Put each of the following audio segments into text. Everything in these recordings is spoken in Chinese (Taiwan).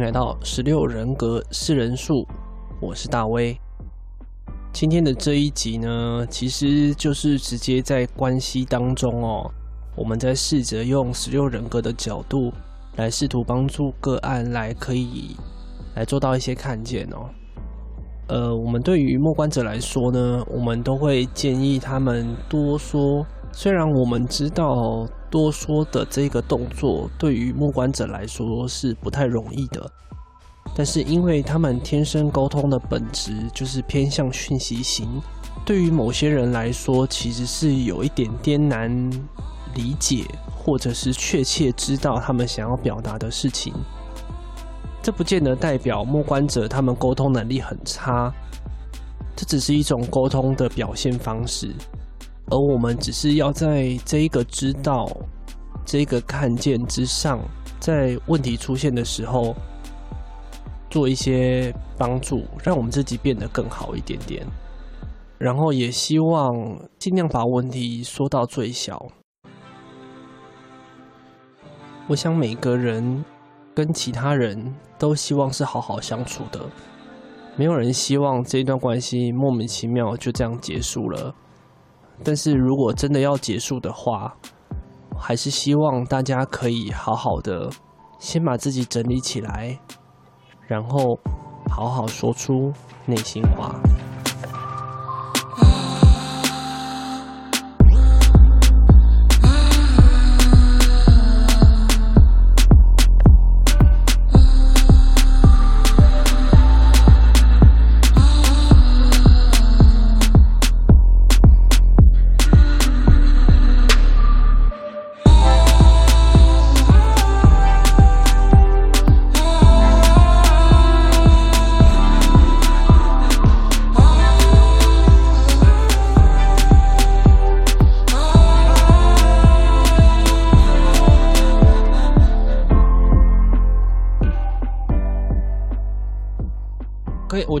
來到十六人格四人數，我是大威。今天的這一集呢，其實就是直接在關係當中哦，我們在試着用十六人格的角度來試圖幫助個案來可以來做到一些看見哦。呃，我們對於默觀者來說呢，我們都會建議他們多說，雖然我們知道。多說的這個動作，對於默觀者來說是不太容易的。但是，因為他們天生溝通的本質就是偏向訊息型，對於某些人來說，其實是有一點艱難理解，或者是確切知道他們想要表達的事情。這不見得代表默觀者他們溝通能力很差，這只是一種溝通的表現方式。而我們只是要在這一個知道、這一個看見之上，在問題出現的時候，做一些幫助，讓我們自己變得更好一點點。然後也希望盡量把問題說到最小。我想每個人跟其他人都希望是好好相處的，沒有人希望這段關係莫名其妙就這樣結束了。但是如果真的要結束的話，還是希望大家可以好好的先把自己整理起來，然後好好說出內心話。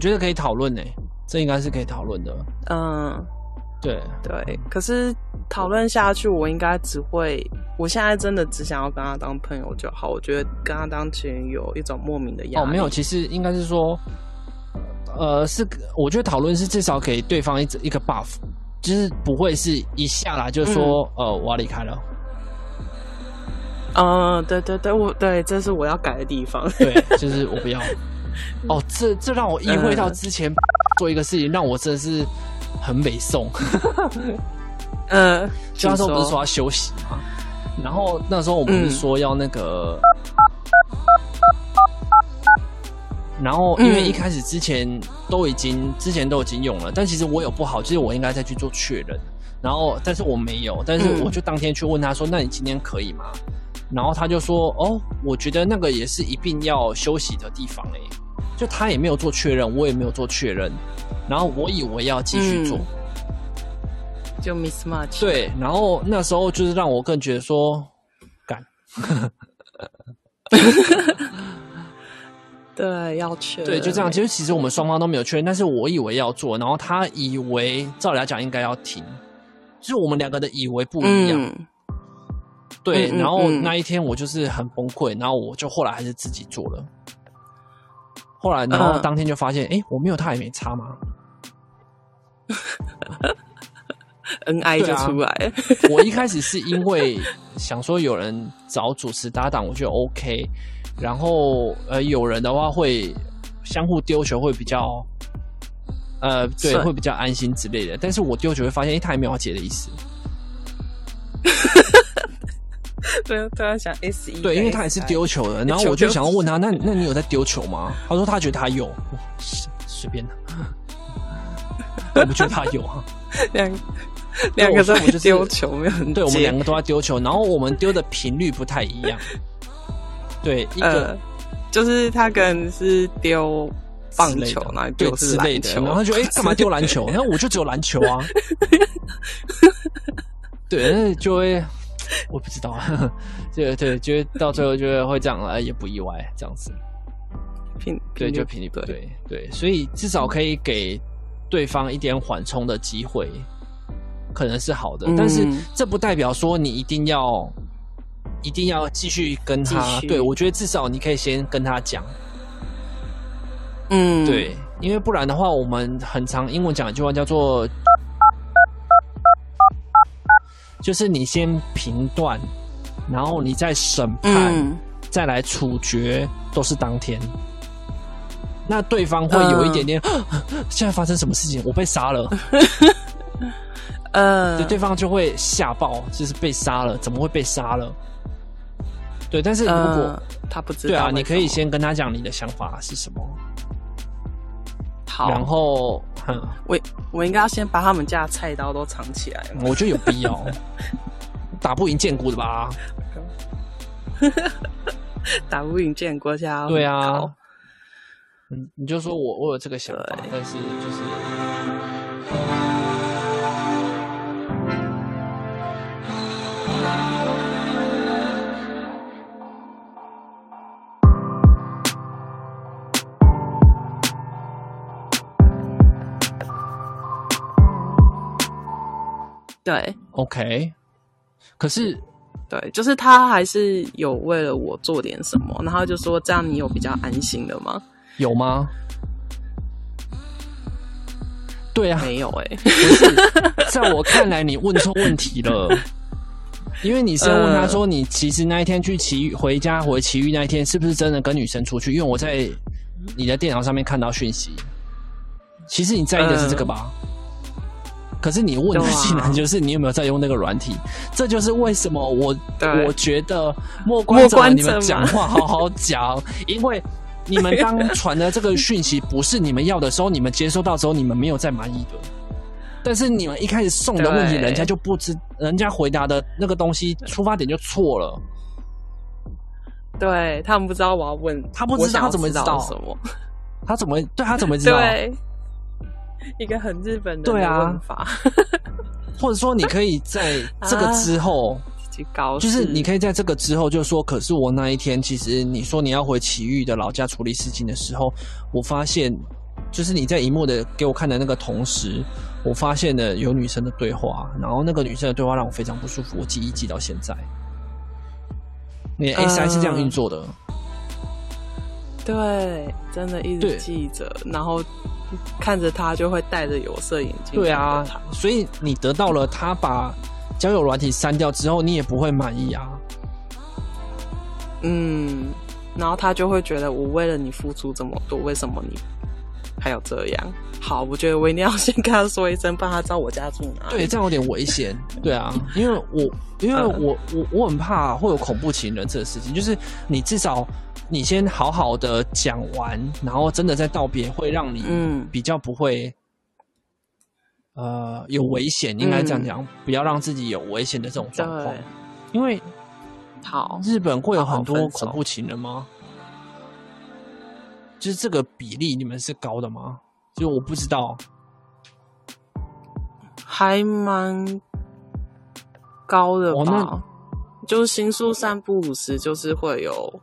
我覺得可以討論呢，這應該是可以討論的。嗯，對對，對，可是討論下去，我應該只會，我現在真的只想要跟他當朋友就好。我覺得跟他當情侶有一種莫名的壓力。哦，沒有，其實應該是說，呃，是我覺得討論是至少給對方一一個 buff，就是不會是一下來就說，嗯，呃，我要離開了嗯。嗯，對對對，我對，這是我要改的地方。對，就是我不要。 嗯、哦，這這讓我意會到之前、嗯、做一個事情，讓我真的是很美送。 嗯，說就那時候不是說要休息嗎？然後那時候我不是說要那個、嗯，然後因為一開始之前都已經、嗯、之前都已經用了，但其實我有不好，其、就、實、是、我應該再去做確認。然後，但是我沒有，但是我就當天去問他說、嗯：“那你今天可以嗎？”然後他就說：“哦，我覺得那個也是一定要休息的地方哎、欸。”就他也沒有做確認，我也沒有做確認，然後我以為要繼續做、嗯，就 miss much 對，然後那時候就是讓我更覺得說幹 ，對要確認對就這樣，其實其實我們雙方都沒有確認，但是我以為要做，然後他以為照理來講應該要停，就是我們兩個的以為不一樣、嗯，對，然後那一天我就是很崩潰、嗯嗯嗯，然後我就後來還是自己做了。後來，然後當天就發現，哎、uh -huh. 欸，我沒有他也沒差嗎？恩愛就出來。 我一開始是因為想說有人找主持搭檔，我就 OK。然後呃，有人的話會相互丟球，會比較呃，對，會比較安心之類的。但是我丟球會發現，哎、欸，他也沒有要接的意思。 對，突然想 se 對，因為他也是丟球的，然後我就想要問他，那那你有在丟球嗎？他說他覺得他有，隨、哦、便的，我們覺得他有啊。兩兩個都丟球，沒有對，我們兩個都在丟球、就是、球、球，然後我們丟的頻率不太一樣。對，一個、呃、就是他可能是丟棒球，類的，然後丟是籃球，然後他就哎、幹、欸、嘛丟籃球？那 我就只有籃球啊。 對，就會。 我不知道，對 對，就到最後覺得會這樣了、欸，也不意外，這樣子。平對就平地不對對，對，所以至少可以給對方一點緩衝的機會，可能是好的、嗯，但是這不代表說你一定要一定要繼續跟他續。對，我覺得至少你可以先跟他講。嗯，對，因為不然的話，我們很常英文講一句話叫做。就是你先評斷，然後你再審判，嗯，再來處決，都是當天。那對方會有一點點，呃、現在發生什麼事情？我被殺了。 呃對，對方就會嚇爆，就是被殺了，怎麼會被殺了？對，但是如果、呃、他不知道，對啊，你可以先跟他講你的想法是什麼。然後，我我應該要先把他們家的菜刀都藏起來。我覺得有必要， 打不贏建谷建國的吧？ 打不贏建國家？對啊，你、嗯、你就說我我有這個想法，但是就是。呃對，OK，可是，對，就是他還是有為了我做點什麼，然後就說，這樣你有比較安心的嗎？有嗎？對啊，沒有哎、欸，不是， 在我看來你問錯問題了， 因為你先問他說，你其實那一天去奇遇回家回奇遇那一天是不是真的跟女生出去？因為我在你的電腦上面看到訊息，其實你在意的是這個吧？呃可是你問的技能就是你有沒有在用那個軟體，啊？這就是為什麼我我覺得默觀者，你們講話好好講， 因為你們剛傳的這個訊息不是你們要的時候， 你們接收到之後你們沒有再滿意的。但是你們一開始送的問題，人家就不知，人家回答的那個東西出發點就錯了。對，他們不知道我要問，他不知道，知道他怎麼知道他怎麼對他怎麼知道？一個很日本的問法對、啊， 或者說你可以在這個之後， 啊、就是你可以在這個之後就是說，可是我那一天，其實你說你要回埼玉的老家處理事情的時候，我發現，就是你在熒幕的給我看的那個同時，我發現了有女生的對話，然後那個女生的對話讓我非常不舒服，我記一記到現在。你 a 3、嗯、是這樣運作的，對，真的一直記着，然後。看着他就會戴着有色眼鏡。對啊，所以你得到了他把交友軟體刪掉之後，你也不會滿意啊。嗯，然後他就會覺得我為了你付出這麼多，為什麼你還有這樣？好，我覺得我一定要先跟他說一聲，幫他知道我家住哪。對，這樣有點危險。 對啊，因為我因為我、嗯、我我很怕會有恐怖情人這個事情，就是你至少。你先好好的講完，然後真的再道別，會讓你比較不會，嗯、呃，有危險。嗯、應該這樣講、嗯，不要讓自己有危險的這種狀況。因為，好，日本會有很多恐怖情人嗎？好好就是這個比例，你們是高的嗎？就我不知道，還蠻高的吧。哦、就是新宿三不五時，就是會有。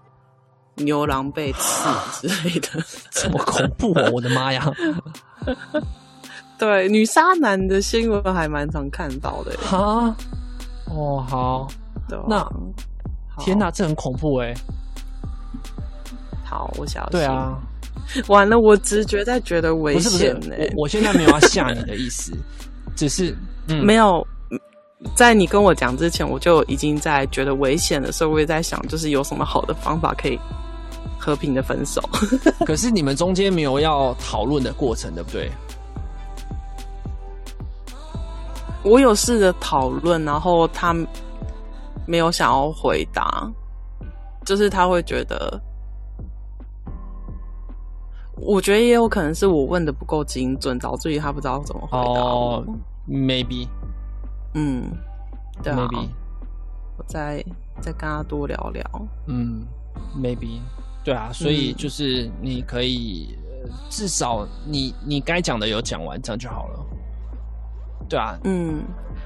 牛郎被刺之類的，這麼恐怖！啊！我的媽呀！ 對，女殺男的新聞還蠻常看到的。哈，哦，好，對啊、那好天哪、啊，這很恐怖哎！好，我小心。對啊，完了，我直覺在覺得危險。不是不是，我我現在沒有要嚇你的意思， 只是、嗯、沒有，在你跟我講之前，我就已經在覺得危險的時候，我也在想，就是有什麼好的方法可以，和平的分手， 可是你們中間沒有要討論的過程，對不對？我有試着討論，然後他沒有想要回答，就是他會覺得，我覺得也有可能是我問得不夠精準，導致他不知道怎麼回答。Oh, maybe，嗯，對啊，Maybe，我再再跟他多聊聊。嗯、mm.，Maybe。對啊，所以就是你可以、嗯呃、至少你你該講的有講完，這樣就好了，對啊，嗯，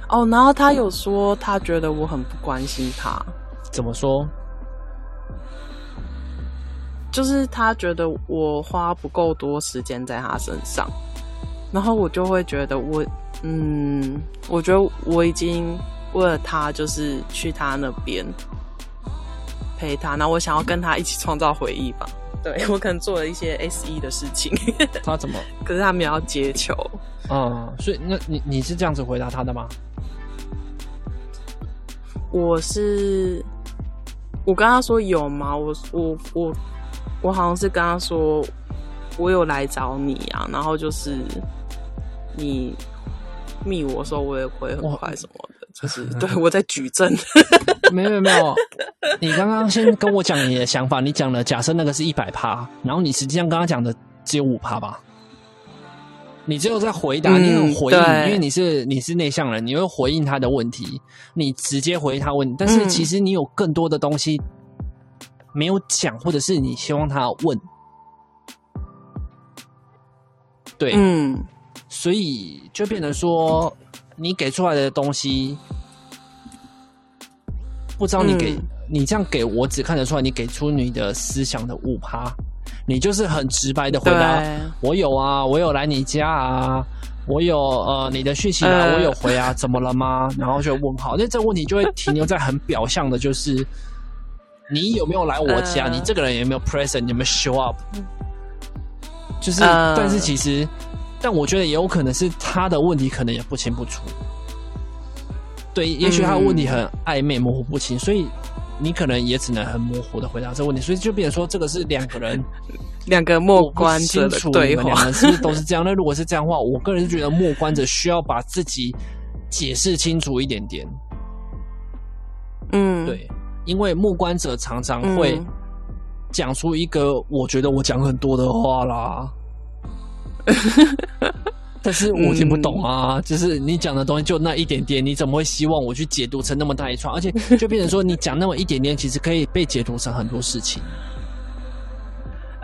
哦，然後他有說他覺得我很不關心他，怎麼說？就是他覺得我花不夠多時間在他身上，然後我就會覺得我嗯，我覺得我已經為了他就是去他那邊。陪他，然後我想要跟他一起創造回憶吧。嗯、對我可能做了一些 S E 的事情。他怎麼？可是他沒有要接球。啊、嗯，所以那你你是這樣子回答他的嗎？我是我跟他說，有嗎？我我我我好像是跟他說我有來找你啊，然後就是你密我說我也會很快什麼的，就是，是對呵呵我在舉證。沒有沒有。 你剛剛先跟我講你的想法，你講了假設那個是一百趴，然後你實際上剛剛講的只有五趴吧？你只有在回答，嗯、你有回應，因為你是你是內向人，你會回應他的問題，你直接回他問。但是其實你有更多的東西沒有講，或者是你希望他問，對，嗯，所以就變成說你給出來的東西，不知道你給。嗯你這樣給我只看得出來，你給出你的思想的誤判，你就是很直白的回答。我有啊，我有來你家啊，我有呃你的訊息啊，呃、我有回啊， 怎麼了嗎？然後就問號，那這問題就會停留在很表象的，就是你有沒有來我家，呃？你這個人有沒有 present？你有沒有 show up？嗯、就是，呃，但是其實，但我覺得也有可能是他的問題，可能也不清不楚。對，也許他的問題很曖昧，模糊不清，所以。你可能也只能很模糊的回答這個問題，所以就變成說這個是兩個人，兩個默觀者的對話，是不是都是這樣？ 那如果是這樣的話，我個人是覺得默觀者需要把自己解釋清楚一點點。嗯，對，因為默觀者常常會講出一個我覺得我講很多的話啦。嗯 但是我聽不懂啊！嗯、就是你講的東西就那一點點，你怎麼會希望我去解讀成那麼大一串？而且就變成說，你講那麼一點點，其實可以被解讀成很多事情。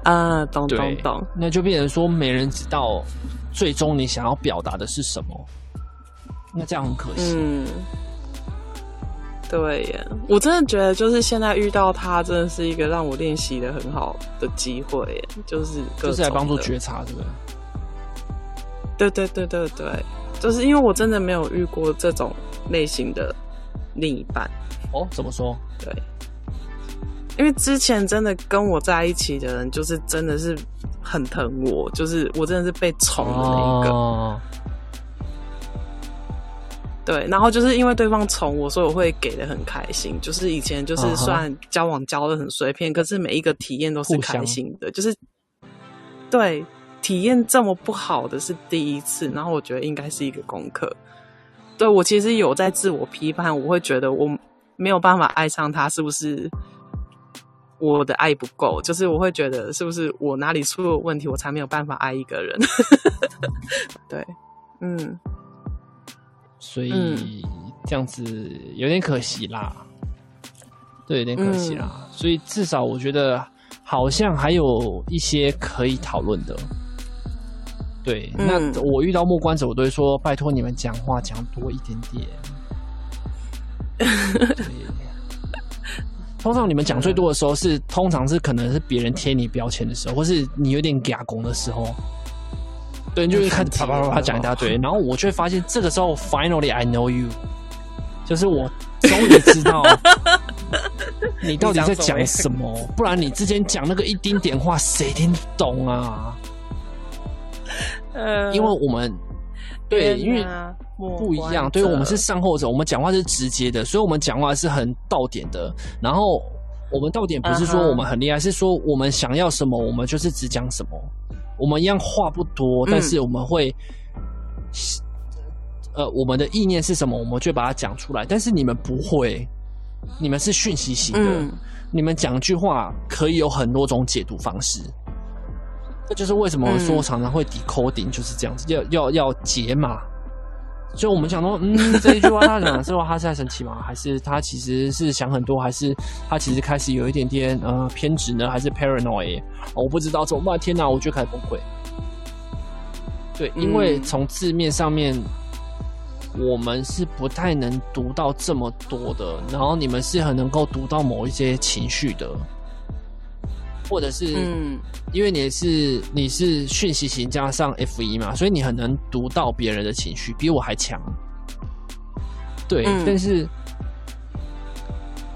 啊、嗯，懂懂懂，那就變成說，沒人知道最終你想要表達的是什麼。那這樣很可惜。嗯，對耶，我真的覺得，就是現在遇到他，真的是一個讓我練習的很好的機會耶。就是就是來幫助覺察，對不對？對對對對對，就是因為我真的沒有遇過這種類型的另一半哦。怎麼說？對，因為之前真的跟我在一起的人，就是真的是很疼我，就是我真的是被寵的那一個。哦。對，然後就是因為對方寵我，所以我會給的很開心。就是以前就是算交往交的很隨便。啊，可是每一個體驗都是開心的，就是對。體驗這麼不好的是第一次，然後我覺得應該是一個功課。對，我其實有在自我批判，我會覺得我沒有辦法愛上他，是不是我的愛不夠？就是我會覺得，是不是我哪裡出了問題，我才沒有辦法愛一個人？ 對，嗯，所以這樣子有點可惜啦。嗯，對，有點可惜啦。所以至少我覺得好像還有一些可以討論的。對，那我遇到默觀者，我都會說，拜托你們講話講多一點點。通常你們講最多的時候是，嗯、通常是可能是別人貼你標籤的時候，或是你有點抓狂的時候。嗯、對，你就會開始啪啪啪講一大堆。 然後我就發現，這個時候 finally I know you，就是我終於知道你到底在講什麼。不然你之前講那個一丁點話，誰聽懂啊？呃，因為我們、呃、對，因為不一樣，我對我們是上後者，我們講話是直接的，所以我們講話是很到點的。然後我們到點不是說我們很厲害，uh -huh. 是說我們想要什麼，我們就是只講什麼。我們一樣話不多、嗯，但是我們會，呃，我們的意念是什麼，我們就把它講出來。但是你們不會，你們是訊息型的，嗯、你們講句話可以有很多種解讀方式。這就是為什麼我說常常會 decoding、嗯、就是這樣子，要要要解碼。所以我們講到，嗯，這一句話他講，這句話他是在生氣嗎？ 還是他其實是想很多？還是他其實開始有一點點呃偏執呢？還是 paranoid、哦、我不知道，怎麼辦？天哪、啊，我就開始崩潰。對，因為從字面上面、嗯，我們是不太能讀到這麼多的，然後你們是很能夠讀到某一些情緒的。.或者是，因為你是你是訊息型加上 Fe 嘛，所以你很能讀到別人的情緒，比我還強。對、嗯，但是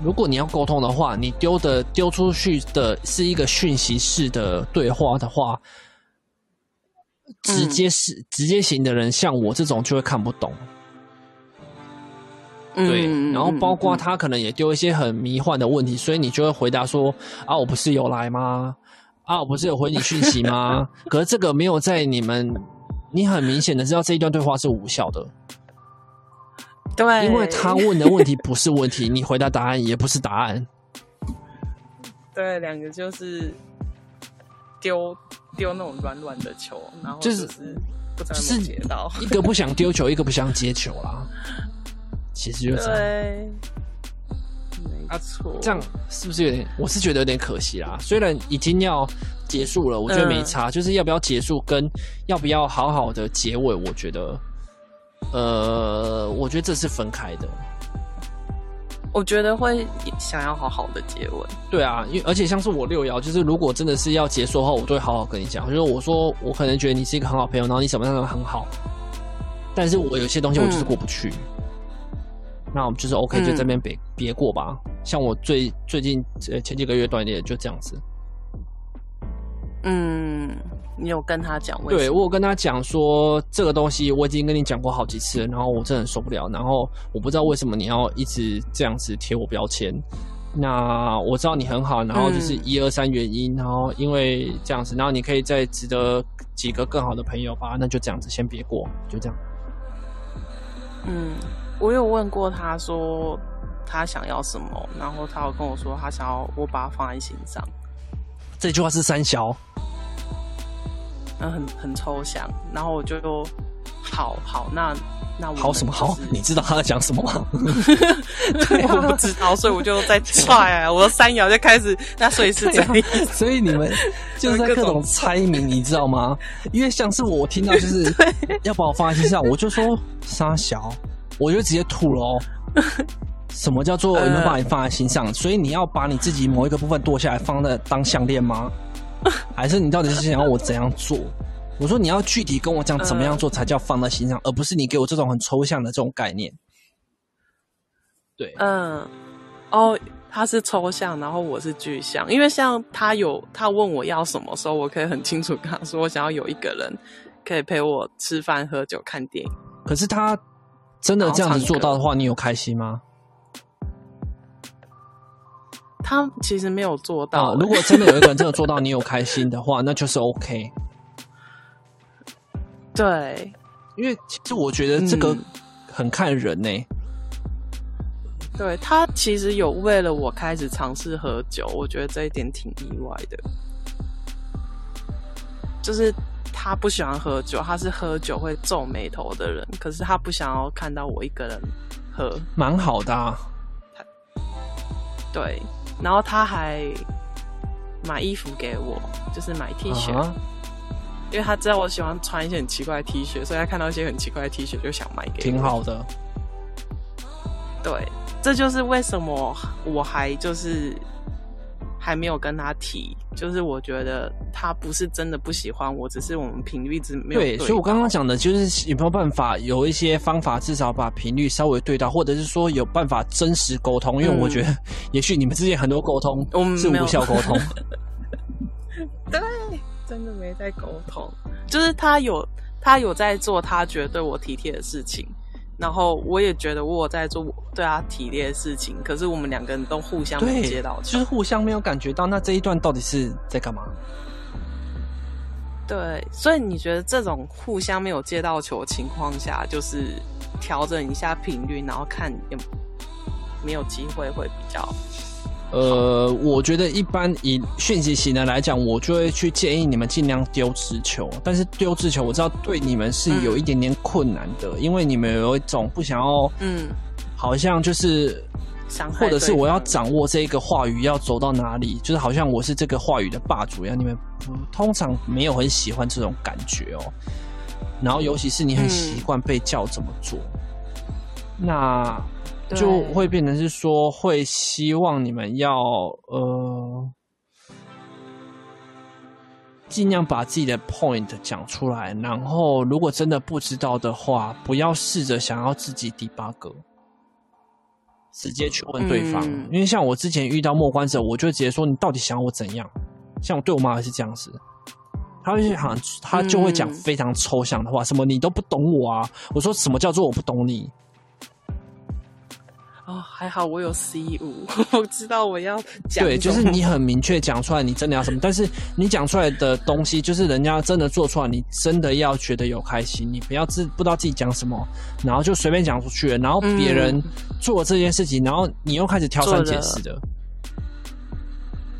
如果你要溝通的話，你丟的丟出去的是一個訊息式的對話的話，直接是直接型的人，像我這種就會看不懂。對、嗯，然後包括他可能也丟一些很迷幻的問題、嗯嗯，所以你就會回答說：“啊，我不是有來嗎？啊，我不是有回你訊息嗎？” 可是這個沒有在你們，你很明顯的知道這一段對話是無效的。對，因為他問的問題不是問題， 你回答答案也不是答案。對，兩個就是丟丟那種軟軟的球，然後就是不知道到，就是就是、一個 一個不想丟球，一個不想接球啦。其實就是這樣，對，沒錯。這樣是不是有點？我是覺得有點可惜啦。雖然已經要結束了，我覺得沒差。嗯、就是要不要結束，跟要不要好好的結尾，我覺得，呃，我覺得這是分開的。我覺得會想要好好的結尾。對啊，因為而且像是我六爻，就是如果真的是要結束的話，我都會好好跟你講。就是我說，我可能覺得你是一個很好朋友，然後你什麼什麼很好，但是我有些東西我就是過不去。嗯那我們就是 OK，、嗯、就在這邊別別過吧。像我最最近前幾個月斷裂，就這樣子。嗯，你有跟他講為什麼？對，我有跟他講說，這個東西我已經跟你講過好幾次了，然後我真的受不了。然後我不知道為什麼你要一直這樣子貼我標籤。那我知道你很好，然後就是一、嗯、二三原因，然後因為這樣子，然後你可以再值得幾個更好的朋友吧。那就這樣子，先別過，就這樣。嗯。我有問過他，說他想要什麼，然後他有跟我說他想要我把他放在心上。這句話是三小，那、嗯、很很抽象。然後我就說：好好，那那我、就是、好什麼好？你知道他在講什麼嗎 對、啊？我不知道，所以我就在踹、啊、我的三小就開始，那所以是這樣、啊。所以你們就是在各種猜謎，你知道嗎？ 因為上次我聽到就是要把我放在心上，我就說三小。我就直接吐了哦。什麼叫做有沒有把你放在心上？所以你要把你自己某一個部分剁下來放在當項鏈嗎？還是你到底是想要我怎樣做？我說你要具體跟我講怎麼樣做才叫放在心上，而不是你給我這種很抽象的這種概念。對，嗯，哦，他是抽象，然後我是具象。因為像他有他問我要什麼時候，我可以很清楚跟他說，我想要有一個人可以陪我吃飯、喝酒、看電影。可是他。真的這樣子做到的話，你有開心嗎？他其實沒有做到、欸啊。如果真的有一個人真的做到，你有開心的話， 那就是 OK。對，因為其實我覺得這個很看人呢、欸嗯。對，他其實有為了我開始嘗試喝酒，我覺得這一點挺意外的。就是。他不喜歡喝酒，他是喝酒會皺眉頭的人。可是他不想要看到我一個人喝，蠻好的、啊。對，然後他還買衣服給我，就是買 T 恤、啊，因為他知道我喜歡穿一些很奇怪的 T 恤，所以他看到一些很奇怪的 T 恤就想買給我。挺好的。對，這就是為什麼我還就是。還沒有跟他提，就是我覺得他不是真的不喜歡我，只是我們頻率一直沒有對。對。所以，我剛剛講的就是有沒有辦法，有一些方法，至少把頻率稍微對到，或者是說有辦法真實溝通。因為我覺得，嗯、也許你們之間很多溝通是無效溝通。 對，真的沒在溝通，就是他有，他有在做他覺得對我體貼的事情。然後我也覺得我在做對他體諒的事情，可是我們兩個人都互相沒有接到球，就是互相沒有感覺到。那這一段到底是在幹嘛？對，所以你覺得這種互相沒有接到球的情況下，就是調整一下頻率，然後看有沒有機會會比較。呃，我覺得一般以訊息型的來講，我就會去建議你們盡量丟擲球。但是丟擲球，我知道對你們是有一點點困難的。嗯，因為你們有一種不想要，嗯，好像就是，或者是我要掌握這一個話語要走到哪裡，就是好像我是這個話語的霸主一樣。你們通常沒有很喜歡這種感覺哦。然後，尤其是你很習慣被教怎麼做，嗯嗯、那。就會變成是說，會希望你們要呃，盡量把自己的 point 講出來。然後，如果真的不知道的話，不要試着想要自己 debug，直接去問對方。嗯、因為像我之前遇到默觀者，我就直接說：“你到底想我怎樣？”像我對我媽還是這樣子，她會去喊，她就會講非常抽象的話、嗯，什麼你都不懂我啊！我說什麼叫做我不懂你？哦，還好我有 C 五，我知道我要講。對，就是你很明確講出來，你真的要什麼。 但是你講出來的東西，就是人家真的做出來，你真的要覺得有開心。你不要自不知道自己講什麼，然後就隨便講出去了，然後別人做這件事情、嗯，然後你又開始挑三揀四的。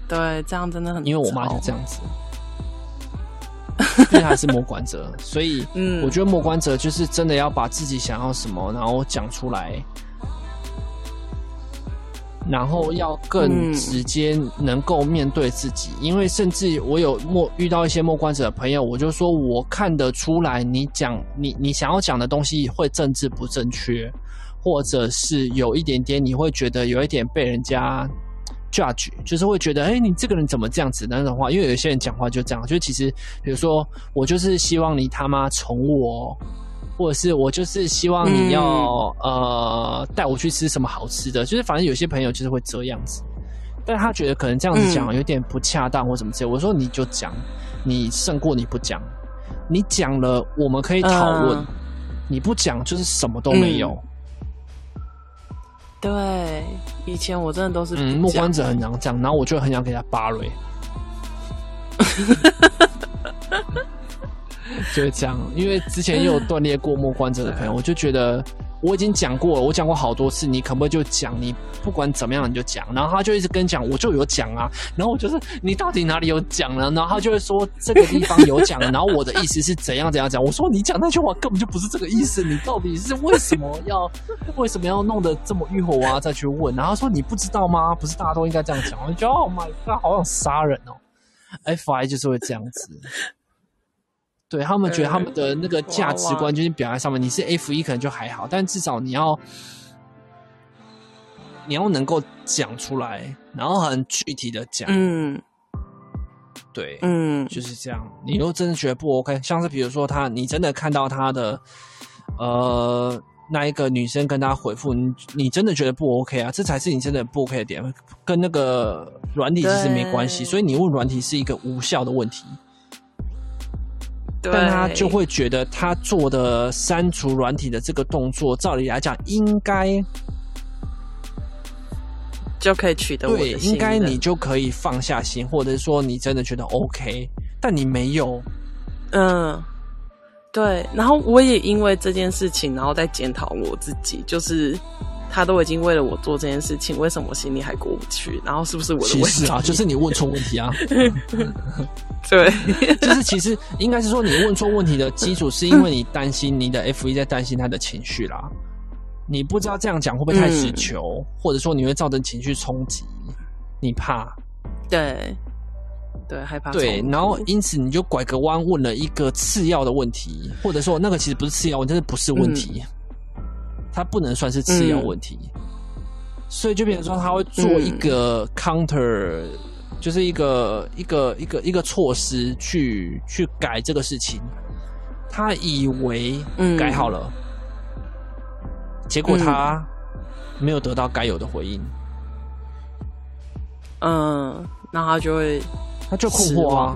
對，這樣真的很因為我媽是這樣子， 因為她是默觀者，所以我覺得默觀者就是真的要把自己想要什麼，然後講出來。然後要更直接，能夠面對自己、嗯，因為甚至我有莫遇到一些默觀者的朋友，我就說，我看得出來你，你講你你想要講的東西會政治不正確，或者是有一點點，你會覺得有一點被人家 judge，就是會覺得，哎、欸，你這個人怎麼這樣子的那種話，因為有些人講話就這樣，就其實比如說，我就是希望你他媽寵我、哦。或者是我就是希望你要、嗯、呃帶我去吃什麼好吃的，就是反正有些朋友就是會這樣子，但是他覺得可能這樣子講有點不恰當或怎麼之類、嗯。我說你就講，你勝過你不講，你講了我們可以討論、嗯，你不講就是什麼都沒有。對，以前我真的都是不講的，默觀者很難講，然後我就很想給他巴瑞。 就是講，因為之前也有鍛鍊過目觀者的朋友， 我就覺得我已經講過了，我講過好多次，你可不可以就講？你不管怎麼樣，你就講。然後他就一直跟講，我就有講啊。然後我就是你到底哪裡有講了？然後他就會說，這個地方有講。 然後我的意思是怎樣怎樣講？我說你講那句話根本就不是這個意思，你到底是為什麼要 為什麼要弄得這麼欲火啊？再去問。然後他說你不知道嗎？不是大家都應該這樣講？我覺得哦媽 y 好想殺人哦、喔、f I 就是會這樣子。對，他們覺得他們的那個價值觀就是表達上面，你是 F 一可能就還好，但至少你要你要能夠講出來，然後很具體的講，嗯，對，嗯，就是這樣。你如果真的覺得不 OK，像是比如說他，你真的看到他的呃那一個女生跟他回復，你你真的覺得不 OK 啊？這才是你真的不 OK 的點，跟那個軟體其實沒關係。所以你問軟體是一個無效的問題。但他就會覺得他做的刪除軟體的這個動作，照理來講應該就可以取得我的的，我對，應該你就可以放下心，或者是說你真的覺得 OK，但你沒有，嗯，對。然後我也因為這件事情，然後在檢討我自己，就是。他都已經為了我做這件事情，為什麼心裡還過不去？然後是不是我的問題？其實啊，就是你問錯問題啊！ 對，就是其實應該是說你問錯問題的基礎，是因為你擔心你的 Fe 在擔心他的情緒啦。 你不知道這樣講會不會太乞求，嗯，或者說你會造成情緒衝擊，你怕，對，對，害怕。對，然後因此你就拐個彎問了一個次要的問題，或者說那個其實不是次要問題，真的不是問題。嗯他不能算是次要問題、嗯，所以就變成說，他會做一個 counter、嗯、就是一個一個一個一個，一個措施去、嗯、去改這個事情。他以為改好了，嗯、結果他沒有得到該有的回應。嗯，那他就會他就困惑啊，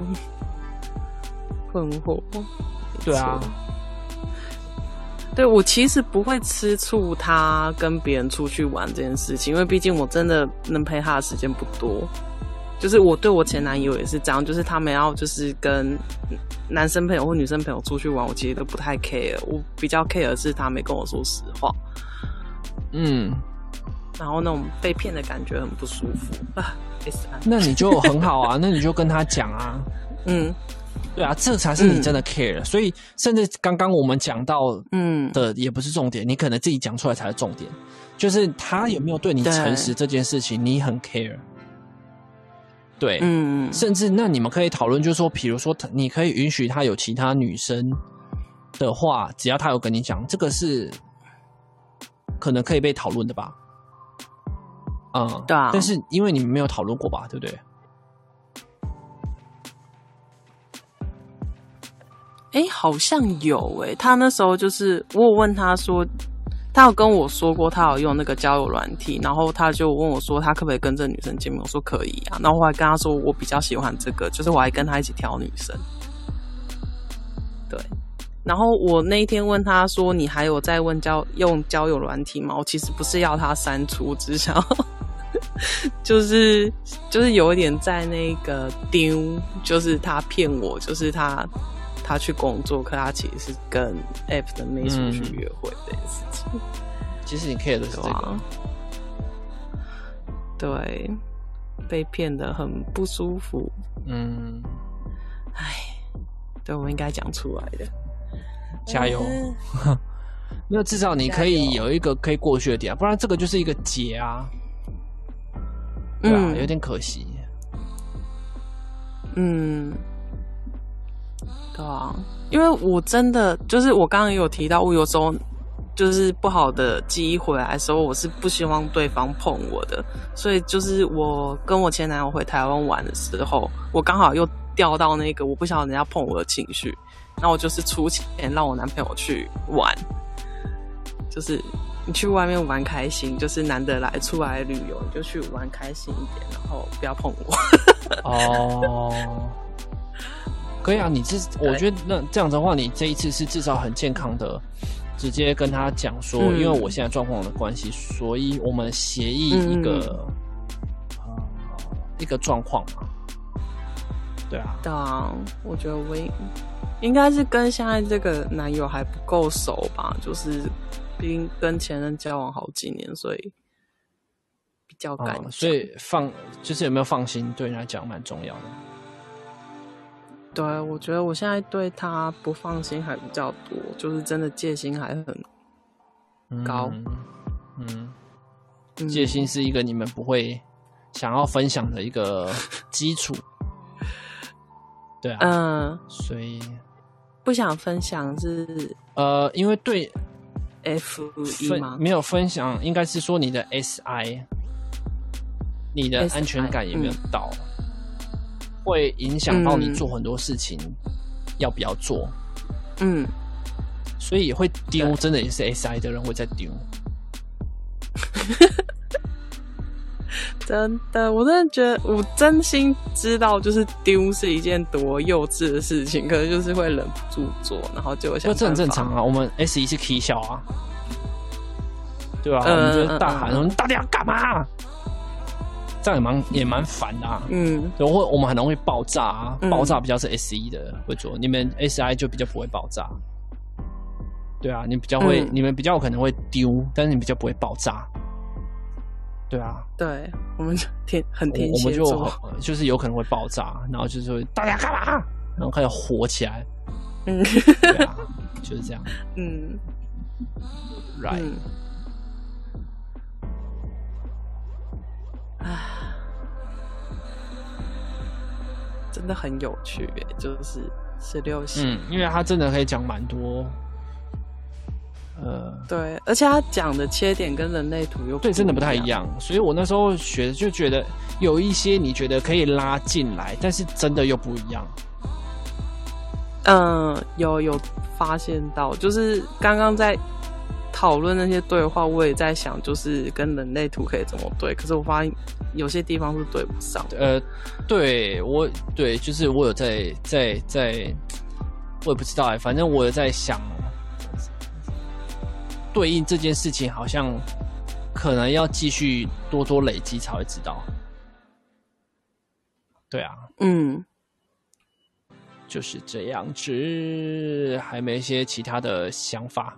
困惑，對啊。對，我其實不會吃醋，他跟別人出去玩這件事情，因為畢竟我真的能陪他的時間不多。就是我對我前男友也是這樣，就是他們要就是跟男生朋友或女生朋友出去玩，我其實都不太 care。我比較 care 的是他沒跟我說實話，嗯，然後那種被騙的感覺很不舒服。啊，那你就很好啊， 那你就跟他講啊，嗯。對啊，這才是你真的 care，嗯、所以甚至剛剛我們講到，嗯的也不是重點，嗯、你可能自己講出來才是重點，就是他有沒有對你誠實這件事情，你很 care，對，嗯，甚至那你們可以討論，就是說，比如說，他，你可以允許他有其他女生的話，只要他有跟你講，這個是可能可以被討論的吧？嗯，對啊，但是因為你們沒有討論過吧，對不對？哎、欸，好像有哎、欸。他那時候就是我有問他說，他有跟我說過他有用那個交友軟體，然後他就問我說他可不可以跟這女生見面。我說可以啊。然後我還跟他說我比較喜歡這個，就是我還跟他一起挑女生。對。然後我那一天問他說，你還有在問交用交友軟體嗎？我其實不是要他刪除之，只是想，就是就是有一點在那個丟，就是他騙我，就是他。他去工作，可他其實是跟 App 的妹出去約會的。事情、嗯，其實你 care 的是這個，對，被騙的很不舒服。嗯，哎，對，我應該講出來的。加油！嗯、 沒有，至少你可以有一個可以過去的點、啊，不然這個就是一個結啊。對啊，有點可惜。嗯。嗯對啊，因為我真的就是我剛剛也有提到，我有時候就是不好的記憶回來的時候，我是不希望對方碰我的。所以就是我跟我前男友回臺灣玩的時候，我剛好又掉到那個我不想要人家碰我的情緒，那我就是出錢讓我男朋友去玩，就是你去外面玩開心，就是難得來出來旅遊，你就去玩開心一點，然後不要碰我哦。 oh. 可以啊，你這我覺得那這樣的話，你這一次是至少很健康的，直接跟他講說、嗯，因為我現在狀況的關係，所以我們協議一個嗯嗯、嗯、一個狀況嘛，對啊。對啊，我覺得我應該是跟現在這個男友還不夠熟吧，就是已經跟前任交往好幾年，所以比較敢、嗯，所以放就是有沒有放心，對你來講蠻重要的。對，我覺得我現在對他不放心還比較多，就是真的戒心還很高。嗯，嗯，戒心是一個你們不會想要分享的一個基礎。對啊，嗯，所以不想分享是呃，因為對 FE 嘛，沒有分享，應該是說你的 SI，你的安全感也沒有到？會影響到你做很多事情，嗯，要不要做？嗯，所以也會丟，真的也是 S I 的人會在丟。 真的，我真的覺得，我真心知道，就是丟是一件多幼稚的事情，可能就是會忍不住做，然後就想。這很正常啊，我們 S 一是 K 笑啊，對吧，啊嗯。我嗯嗯。們大喊說：“你到底要幹嘛？”這樣也蠻也蠻煩的啊，嗯，然後我們很容易爆炸啊，爆炸比較是 S E 的會做，嗯、你們 S I 就比較不會爆炸，對啊，你比較會，嗯、你們比較可能會丟，但是你比較不會爆炸，對啊，對，我們就天很天蠍座，就是有可能會爆炸，然後就是大家幹嘛，然後開始火起來，嗯，對啊，就是這樣，嗯，r i g h t、嗯唉，真的很有趣，就是十六型，因為它真的可以講蠻多，呃，對，而且它講的切點跟人類圖又對，真的不太一樣，所以我那時候學的就覺得有一些你覺得可以拉進來，但是真的又不一樣。嗯，有有發現到，就是剛剛在，討論那些對話，我也在想，就是跟人類圖可以怎麼對，可是我發現有些地方是對不上。呃，對，我對，就是我有在在在，我也不知道哎、欸，反正我有在想，對應這件事情，好像可能要繼續多多累積才會知道。對啊，嗯，就是這樣子，還沒一些其他的想法。